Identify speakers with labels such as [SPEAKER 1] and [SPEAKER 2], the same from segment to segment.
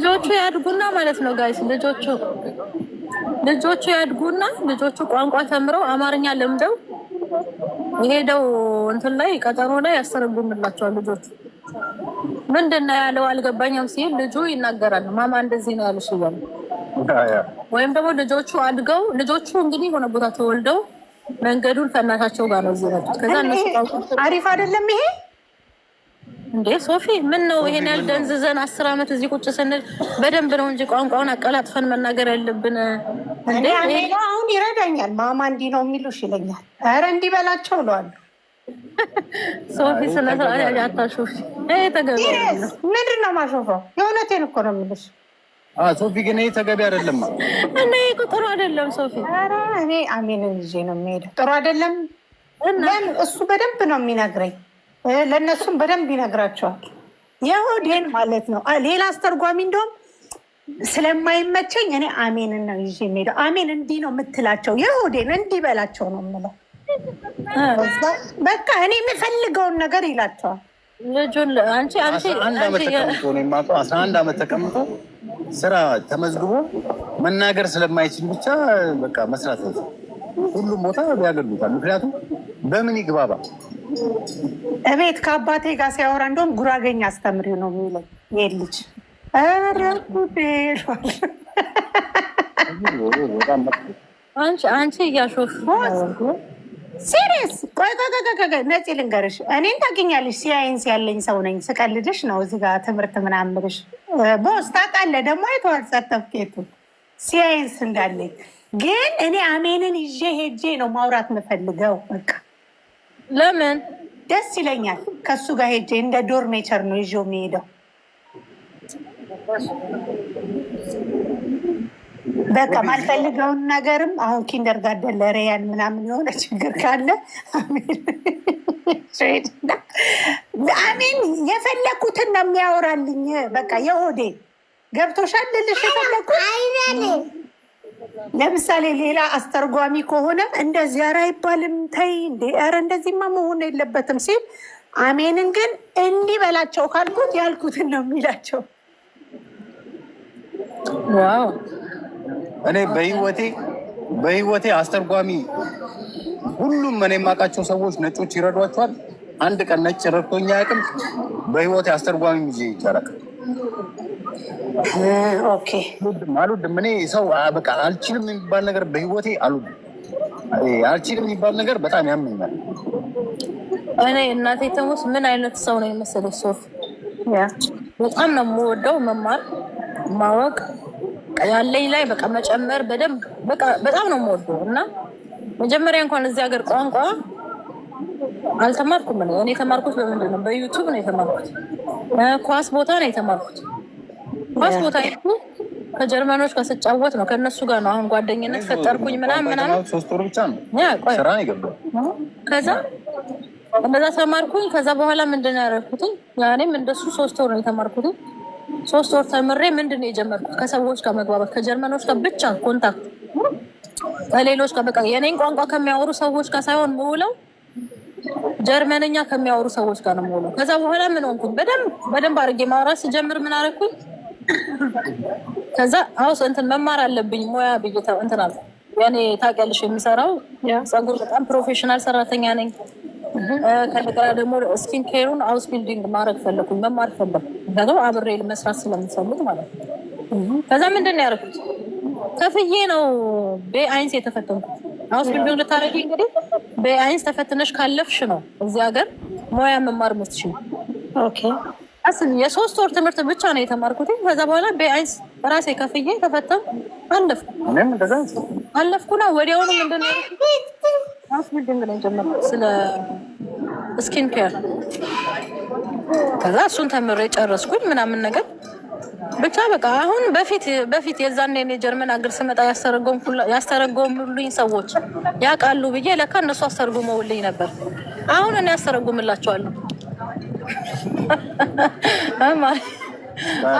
[SPEAKER 1] ልጆቹ ያድጉና ማለት ነው ጋይስ ልጆቹ ልጆቹ ያድጉና ልጆቹ ቋንቋ ተምረው አማርኛ ለምደው የሄደው እንትን ላይ ቀጠሮ ላይ ያስተረጉምላቸዋል። ልጆቹ ምንድን ነው ያለው አልገባኝም ሲል ልጁ ይናገራል። ማማ እንደዚህ ነው ያሉ እያሉ ወይም ደግሞ ልጆቹ አድገው ልጆቹ እንግዲህ የሆነ ቦታ ተወልደው መንገዱን ከእናታቸው ጋር ነው እዚህ መጡት።
[SPEAKER 2] ከዛ እነሱ አሪፍ አይደለም ይሄ
[SPEAKER 1] እንዴ ሶፊ፣ ምን ነው ይሄን ያህል ደንዝዘን አስር ዓመት እዚህ ቁጭ ስንል በደንብ ነው እንጂ ቋንቋውን አቀላጥፈን መናገር ያለብን።
[SPEAKER 2] አሁን ይረዳኛል። ማማ እንዲህ ነው የሚሉሽ ይለኛል። ኧረ እንዲህ በላቸው
[SPEAKER 1] ሶፊ ስለ ስርዓት አታሾፊ።
[SPEAKER 2] ምንድን ነው ማሾፈው? የእውነቴን እኮ ነው የሚሉሽ።
[SPEAKER 3] ሶፊ ግን ይሄ ተገቢ አይደለም
[SPEAKER 1] እና ይሄ ጥሩ አይደለም ሶፊ።
[SPEAKER 2] ኧረ እኔ አሜንን ይዤ ነው የሚሄደው። ጥሩ አይደለም። እሱ በደንብ ነው የሚነግረኝ ለእነሱም በደንብ ይነግራቸዋል። የሆዴን ማለት ነው። ሌላ አስተርጓሚ እንደውም ስለማይመቸኝ እኔ አሜንን ነው ይዤ የሚሄደው። አሜን እንዲህ ነው የምትላቸው፣ የሆዴን እንዲህ በላቸው ነው የምለው። በቃ እኔ የምፈልገውን ነገር ይላቸዋል።
[SPEAKER 1] ልጁን አንቺ አንቺ
[SPEAKER 3] አስራ አንድ ዓመት ተቀምጦ ስራ ተመዝግቦ መናገር ስለማይችል ብቻ በቃ መስራት ሁሉም ቦታ ያገሉታል። ምክንያቱም በምን ይግባባል?
[SPEAKER 2] እቤት ከአባቴ ጋር ሲያወራ እንደውም ጉራገኝ አስተምሪ ነው የሚለው። ይሄን ልጅ
[SPEAKER 1] አንቺ እያሾፍ
[SPEAKER 2] ሲሪየስ ቆይ ነፂ ልንገርሽ፣ እኔን ታገኛለሽ ሲያይንስ ያለኝ ሰው ነኝ። ስቀልድሽ ነው እዚህ ጋር ትምህርት ምናምርሽ ቦስ ታውቃለህ። ደግሞ አይተዋል ሰርተፍኬቱን ሲያይንስ እንዳለኝ ግን እኔ አሜንን ይዤ ሄጄ ነው ማውራት የምፈልገው በቃ ለምን ደስ ይለኛል። ከሱ ጋር ሄጄ እንደ ዶርሜቸር ነው ይዤው የሚሄደው። በቃ ማልፈልገውን ነገርም አሁን ኪንደር ጋደን ለሬያን ምናምን የሆነ ችግር ካለ አሚን የፈለግኩትን ነው የሚያወራልኝ። በቃ የሆዴ ገብቶሻል ልልሽ የፈለግኩት ለምሳሌ ሌላ አስተርጓሚ ከሆነ እንደዚህ ኧረ አይባልም፣ ተይ እንዴ፣ ኧረ እንደዚህማ መሆን የለበትም ሲል አሜንን ግን እንዲህ በላቸው ካልኩት ያልኩትን ነው የሚላቸው።
[SPEAKER 1] ዋው!
[SPEAKER 3] እኔ በህይወቴ በህይወቴ አስተርጓሚ ሁሉም እኔ የማውቃቸው ሰዎች ነጮች ይረዷቸዋል። አንድ ቀን ነጭ ረድቶኛ ያቅም በህይወቴ አስተርጓሚ ይዤ ይቻላል አልወድም እኔ ሰው በቃ አልችልም የሚባል ነገር በህይወቴ አልወድም። አልችልም የሚባል ነገር በጣም ያመኛል።
[SPEAKER 1] እኔ እናቴ ተሞት ምን አይነት ሰው ነው የመሰለሽ ሶፍ በጣም ነው የምወደው መማር፣ ማወቅ ያለኝ ላይ በቃ መጨመር በደንብ በጣም ነው የምወደው እና መጀመሪያ እንኳን እዚህ ሀገር ቋንቋ አልተማርኩም። እኔ የተማርኩት በምንድን ነው? በዩቱብ ነው የተማርኩት። ኳስ ቦታ ነው የተማርኩት ኳስ ቦታ ከጀርመኖች ጋር ስጫወት ነው። ከእነሱ ጋር ነው አሁን ጓደኝነት ፈጠርኩኝ ምናምን ምናምን።
[SPEAKER 3] ሶስት ወር ብቻ ነው ስራ ነው የገባው።
[SPEAKER 1] ከዛ እንደዛ ተማርኩኝ። ከዛ በኋላ ምንድን ነው ያደረኩትኝ? ያኔም እንደሱ ሶስት ወር ነው የተማርኩትኝ። ሶስት ወር ተምሬ ምንድን ነው የጀመርኩት? ከሰዎች ጋር መግባባት፣ ከጀርመኖች ጋር ብቻ ኮንታክት፣ ከሌሎች ጋር በቃ የኔን ቋንቋ ከሚያወሩ ሰዎች ጋር ሳይሆን ምውለው ጀርመንኛ ከሚያወሩ ሰዎች ጋር ነው ምውለው። ከዛ በኋላ ምን ሆንኩኝ? በደንብ በደንብ አድርጌ ማውራት ስጀምር ምን አደረኩኝ? ከዛ አውስ እንትን መማር አለብኝ ሙያ ብዬ እንትን አልኩ። ያኔ ታውቂያለሽ የሚሰራው ፀጉር በጣም ፕሮፌሽናል ሰራተኛ ነኝ። ከነገራ ደግሞ ስኪን ኬሩን አውስ ቢልዲንግ ማድረግ ፈለኩኝ መማር ፈለኩ። ደግሞ አብሬ መስራት ስለምፈልግ ማለት ነው። ከዛ ምንድን ነው ያደረኩት? ከፍዬ ነው በአይንስ የተፈተንኩት። አውስ ቢልዲንግ ልታረጊ እንግዲህ በአይንስ ተፈትነሽ ካለፍሽ ነው እዚህ ሀገር ሙያ መማር መስችል አስል የሶስት ወር ትምህርት ብቻ ነው የተማርኩት። ከዛ በኋላ በአይንስ ራሴ ከፍዬ ተፈተም አለፍኩ። አለፍኩና ወዲያውኑ ምንድን ነው ቢልዲንግ ላይ ጀመርኩት ስለ ስኪን ኬር። ከዛ እሱን ተምሬ ጨረስኩኝ ምናምን ነገር ብቻ በቃ አሁን በፊት በፊት የዛን እኔ ጀርመን አገር ስመጣ ያስተረጎሙልኝ ሰዎች ያውቃሉ ብዬ ለካ እነሱ አስተርጉመውልኝ ነበር። አሁን እኔ ያስተረጉምላቸዋለሁ።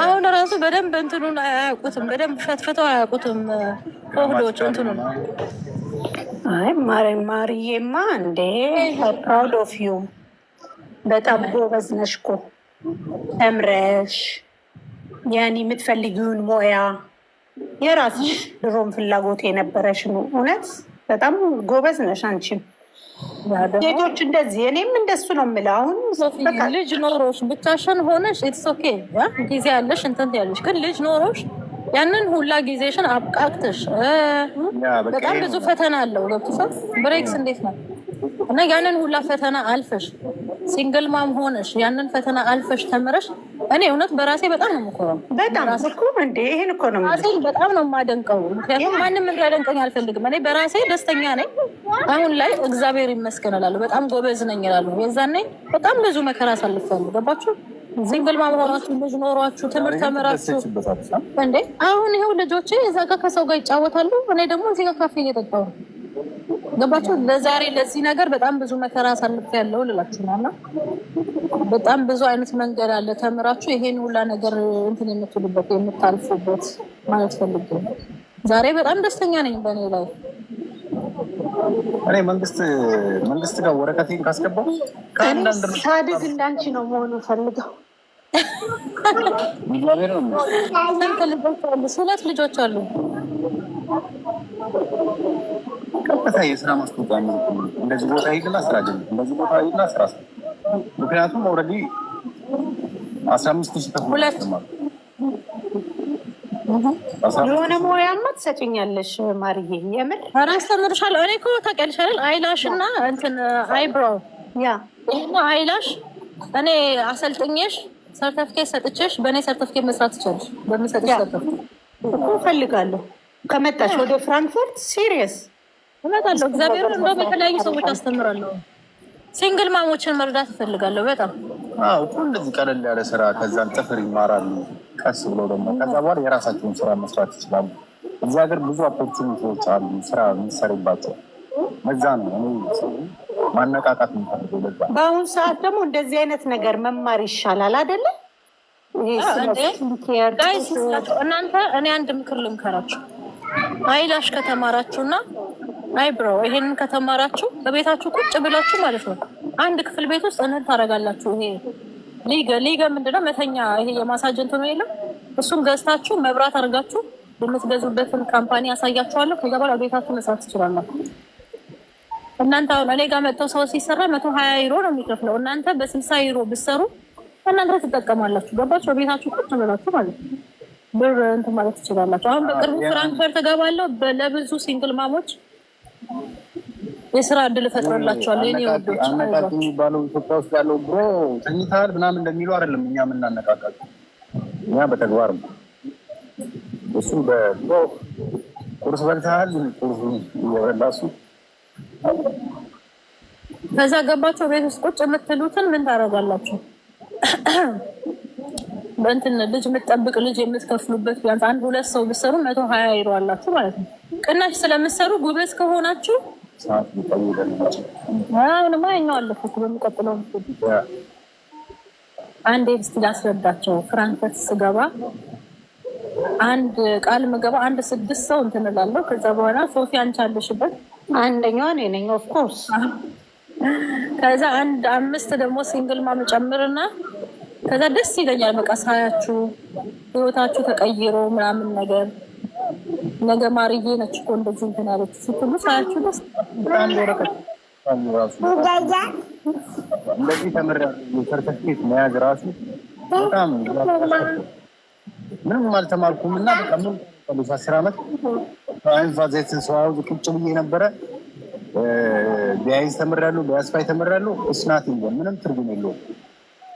[SPEAKER 1] አሁን ራሱ በደንብ እንትኑን አያውቁትም። በደንብ ፈትፈተው አያውቁትም። ሆህዶች እንትኑ
[SPEAKER 2] ማርዬማ እንዴ ፕራውድ ኦፍ ዩ በጣም ጎበዝ ነሽ እኮ ተምረሽ ያኔ የምትፈልጊውን ሞያ የራስሽ ድሮም ፍላጎት የነበረሽ ነው። እውነት በጣም ጎበዝ ነሽ አንቺም ሴቶች እንደዚህ እኔም እንደሱ ነው የምልህ። አሁን
[SPEAKER 1] ልጅ ኖሮሽ ብቻሽን ሆነሽ ኢትስ ኦኬ ጊዜ ያለሽ እንትን ያለሽ፣ ግን ልጅ ኖሮሽ ያንን ሁላ ጊዜሽን አብቃቅትሽ በጣም ብዙ ፈተና አለው። ገብቶሻል? ብሬክስ እንዴት ነው እና ያንን ሁላ ፈተና አልፈሽ ሲንግል ማም ሆነሽ ያንን ፈተና አልፈሽ ተምረሽ እኔ እውነት በራሴ በጣም ነው የምኮረው።
[SPEAKER 2] በጣም እንዴ ይሄን እኮ ነው
[SPEAKER 1] ራሴን በጣም ነው የማደንቀው። ምክንያቱም ማንም እንዲያደንቀኝ አልፈልግም። እኔ በራሴ ደስተኛ ነኝ። አሁን ላይ እግዚአብሔር ይመስገን እላለሁ። በጣም ጎበዝ ነኝ እላለሁ። የዛኔ በጣም ብዙ መከራ አሳልፌያለሁ። ገባችሁ? ሲንግል ማምራራችሁ ልጅ ኖሯችሁ ትምህርት ተምራችሁ እንዴ! አሁን ይኸው ልጆቼ እዛ ጋር ከሰው ጋር ይጫወታሉ፣ እኔ ደግሞ እዚህ ጋር ካፌ እየጠጣሁ ገባችሁ? ለዛሬ ለዚህ ነገር በጣም ብዙ መከራ ያለው ልላችሁ ነው። እና በጣም ብዙ አይነት መንገድ አለ ተምራችሁ ይሄን ሁላ ነገር እንትን የምትሉበት የምታልፉበት ማለት ፈልጌ ነው። ዛሬ በጣም ደስተኛ ነኝ በእኔ ላይ
[SPEAKER 3] እኔ መንግስት መንግስት ጋር ወረቀቴን ካስገባው
[SPEAKER 1] ሳድግ እንዳንቺ ነው መሆኑ ፈልገው ሁለት ልጆች አሉ።
[SPEAKER 3] ቀጥታ የስራ ማስታወቂያ ነው። እንደዚህ ቦታ ሂድና ስራ ጀምር፣ እንደዚህ ቦታ ሂድና ስራ ምክንያቱም ኦልሬዲ አስራ አምስት ሺህ
[SPEAKER 2] የሆነ ሙያማ ትሰጭኛለሽ ማርዬ፣ የምር
[SPEAKER 1] ኧረ አስተምርሻለሁ። እኔ እኮ ታውቂያለሽ አይደል አይላሽ እና እንትን አይብሮው ይህና አይላሽ እኔ አሰልጥኜሽ ሰርተፍኬት ሰጥቼሽ በእኔ ሰርተፍኬት መስራት ትችላለሽ። በምሰጥሽ ሰርተፍኬት
[SPEAKER 2] እፈልጋለሁ ከመጣሽ ወደ ፍራንክፎርት ሲሪየስ
[SPEAKER 1] እመጣለሁ። እግዚአብሔር እንደውም የተለያዩ ሰዎች አስተምራለሁ። ሲንግል ማሞችን መርዳት እፈልጋለሁ። በጣም
[SPEAKER 3] እኮ እንደዚህ ቀለል ያለ ስራ፣ ከዛን ጥፍር ይማራሉ። ቀስ ብሎ ደግሞ ከዛ በኋላ የራሳቸውን ስራ መስራት ይችላሉ። እዚህ ሀገር ብዙ ኦፖርቹኒቲዎች አሉ፣ ስራ የሚሰሩባቸው። በዛ ነው እኔ ማነቃቃት የሚፈልገው።
[SPEAKER 2] በአሁኑ ሰዓት ደግሞ እንደዚህ አይነት ነገር መማር ይሻላል አይደለ?
[SPEAKER 1] እናንተ እኔ አንድ ምክር ልምከራችሁ አይላሽ ከተማራችሁ አይ ብሮ ይሄንን ከተማራችሁ በቤታችሁ ቁጭ ብላችሁ ማለት ነው አንድ ክፍል ቤት ውስጥ እህል ታደርጋላችሁ። ይሄ ሊገ ሊገ ምንድነው መተኛ ይሄ የማሳጅ እንትኑ የለም እሱን ገዝታችሁ መብራት አድርጋችሁ የምትገዙበትን ካምፓኒ ያሳያችኋለሁ። ከዛ በኋላ ቤታችሁ መስራት ትችላላችሁ። እናንተ አሁን እኔ ጋር መጥተው ሰው ሲሰራ መቶ ሀያ ዩሮ ነው የሚከፍለው። እናንተ በስልሳ ዩሮ ብትሰሩ እናንተ ትጠቀማላችሁ። ገባችሁ? በቤታችሁ ቁጭ ብላችሁ ማለት ነው ብር እንትን ማለት ትችላላችሁ። አሁን በቅርቡ ፍራንክፈርት እገባለሁ ለብዙ ሲንግል ማሞች የስራ እድል እፈጥረላቸዋለሁ። እኔ
[SPEAKER 3] አነቃቂ የሚባለው ኢትዮጵያ ውስጥ ያለው ብሮ ተኝተሃል ምናምን እንደሚሉ አይደለም። እኛ የምናነቃቃቸው እኛ በተግባር ነው። እሱ በብሮ ቁርስ በልተሃል፣ ቁርሱ እየበላ እሱ
[SPEAKER 1] ከዛ ገባቸው። ቤት ውስጥ ቁጭ የምትሉትን ምን ታደርጋላቸው? በእንትን ልጅ የምትጠብቅ ልጅ የምትከፍሉበት ቢያንስ አንድ ሁለት ሰው ብትሰሩ መቶ ሀያ ይረዋላችሁ ማለት ነው። ቅናሽ ስለምሰሩ ጉበዝ ከሆናችሁ አሁንማ እኛው አለፉት። በሚቀጥለው አንድ ስ ላስረዳቸው። ፍራንከት ስገባ አንድ ቃል ምገባ አንድ ስድስት ሰው እንትን ከዛ በኋላ ሶፊ አንቺ አለሽበት አንደኛዋ እኔ ነኝ። ኦፍኮርስ ከዛ አንድ አምስት ደግሞ ሲንግል ማም ጨምርና ከዛ ደስ ይለኛል። በቃ ሳያችሁ ህይወታችሁ ተቀይሮ ምናምን ነገር ነገ ማርዬ ነች እኮ እንደዚህ እንትን ያለች ስትሉ ሳያችሁ ደስ
[SPEAKER 3] እንደዚህ ተምሬያለሁ ሰርተፊኬት መያዝ ራሱ በጣም ምንም አልተማርኩም እና በጣም አስር ዓመት አይንፋ ዘይትን ሰዋዝ ቁጭ ብዬ ነበረ። ቢያይዝ ተምሬያለሁ፣ ቢያስፋይ ተምሬያለሁ። እስናት ምንም ትርጉም የለውም።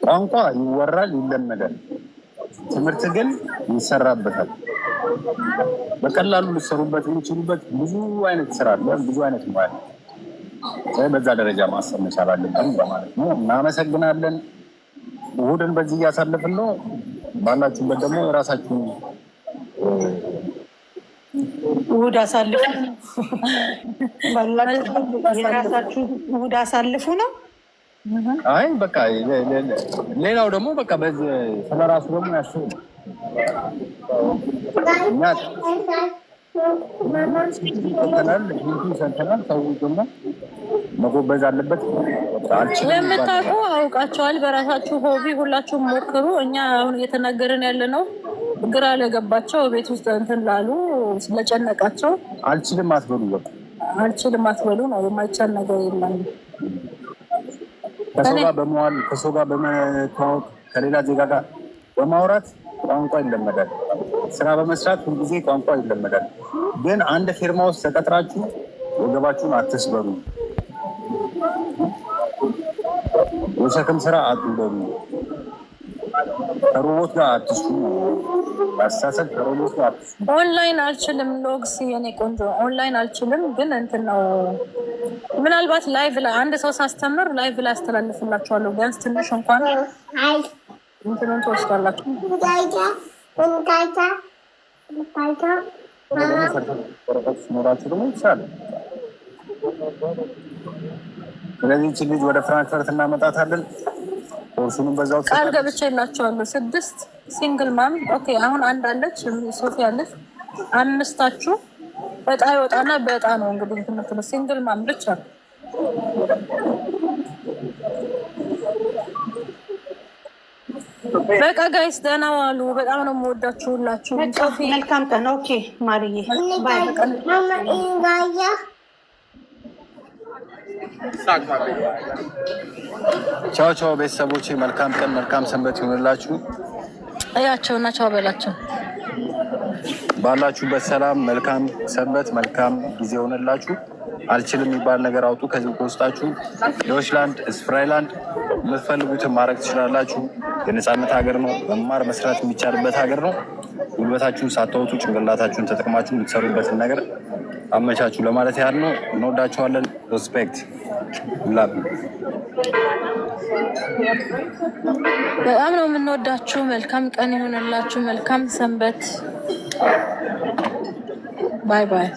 [SPEAKER 3] ቋንቋ ይወራል፣ ይለመዳል። ትምህርት ግን ይሰራበታል። በቀላሉ ልሰሩበት የሚችሉበት ብዙ አይነት ስራ አለ፣ ብዙ አይነት ሙያ በዛ ደረጃ ማሰብ መቻል አለብን በማለት ነው። እናመሰግናለን። እሑድን በዚህ እያሳለፍን ነው። ባላችሁበት ደግሞ የራሳችሁን
[SPEAKER 1] እሑድ አሳልፉ የራሳችሁ እሑድ አሳልፉ ነው።
[SPEAKER 3] አይ በቃ ሌላው ደግሞ በቃ ስለራሱ ደግሞ ያስቡ እኛ ሰንተናል ሰው ደግሞ መጎበዝ አለበት።
[SPEAKER 1] ለምታውቁ አውቃቸዋል። በራሳችሁ ሆቢ ሁላችሁም ሞክሩ። እኛ አሁን እየተናገርን ያለ ነው ግራ ለገባቸው ቤት ውስጥ እንትን ላሉ ስለጨነቃቸው
[SPEAKER 3] አልችልም አትበሉ፣ በቃ
[SPEAKER 1] አልችልም አትበሉ ነው። የማይቻል ነገር የለም።
[SPEAKER 3] ከሰው ጋር በመዋል ከሰው ጋር በመተዋወቅ ከሌላ ዜጋ ጋር በማውራት ቋንቋ ይለመዳል። ስራ በመስራት ሁልጊዜ ቋንቋ ይለመዳል። ግን አንድ ፊርማ ውስጥ ተቀጥራችሁ ወገባችሁን አትስበሩ፣ የሸክም ስራ አትበሉ፣ ከሮቦት ጋር አትስሩ፣ አስተሳሰብ ከሮቦት ጋር አትስሩ።
[SPEAKER 1] ኦንላይን አልችልም። ሎግስ የኔ ቆንጆ ኦንላይን አልችልም። ግን እንትን ነው ምናልባት ላይቭ ላይ አንድ ሰው ሳስተምር ላይቭ ላይ አስተላልፍላችኋለሁ ቢያንስ ትንሽ እንኳን ምን ትወስዳላችሁ።
[SPEAKER 3] ስለዚህ ይህችን ልጅ ወደ ፍራንክፈርት እናመጣታለን። ኮርሱንም በዛው
[SPEAKER 1] ቃል ገብቼላቸዋለሁ። ስድስት ሲንግል ማም ኦኬ። አሁን አንድ አለች ሶፊ አለች። አምስታችሁ በጣ ይወጣና ነው እንግዲህ ትምህርት ሲንግል ማም ብቻ በቃ ጋይስ ደህና ዋሉ። በጣም ነው የምወዳችሁ ሁላችሁ።
[SPEAKER 2] መልካም ቀን። ኦኬ ማርዬ
[SPEAKER 3] ቻው ቻው። ቤተሰቦቼ መልካም ቀን፣ መልካም ሰንበት ይሆንላችሁ።
[SPEAKER 1] እያቸው እና ቻው በላቸው።
[SPEAKER 3] ባላችሁበት ሰላም፣ መልካም ሰንበት፣ መልካም ጊዜ ሆነላችሁ። አልችልም የሚባል ነገር አውጡ ከዚህ ከውስጣችሁ። ዶችላንድ ስፍራይላንድ የምትፈልጉትን ማድረግ ትችላላችሁ። የነፃነት ሀገር ነው። መማር መስራት የሚቻልበት ሀገር ነው። ጉልበታችሁን ሳታወጡ ጭንቅላታችሁን ተጠቅማችሁ የምትሰሩበትን ነገር አመቻችሁ ለማለት ያህል ነው። እንወዳችኋለን። ሪስፔክት ላብ
[SPEAKER 1] በጣም ነው የምንወዳችሁ። መልካም ቀን የሆነላችሁ መልካም ሰንበት Bay bay.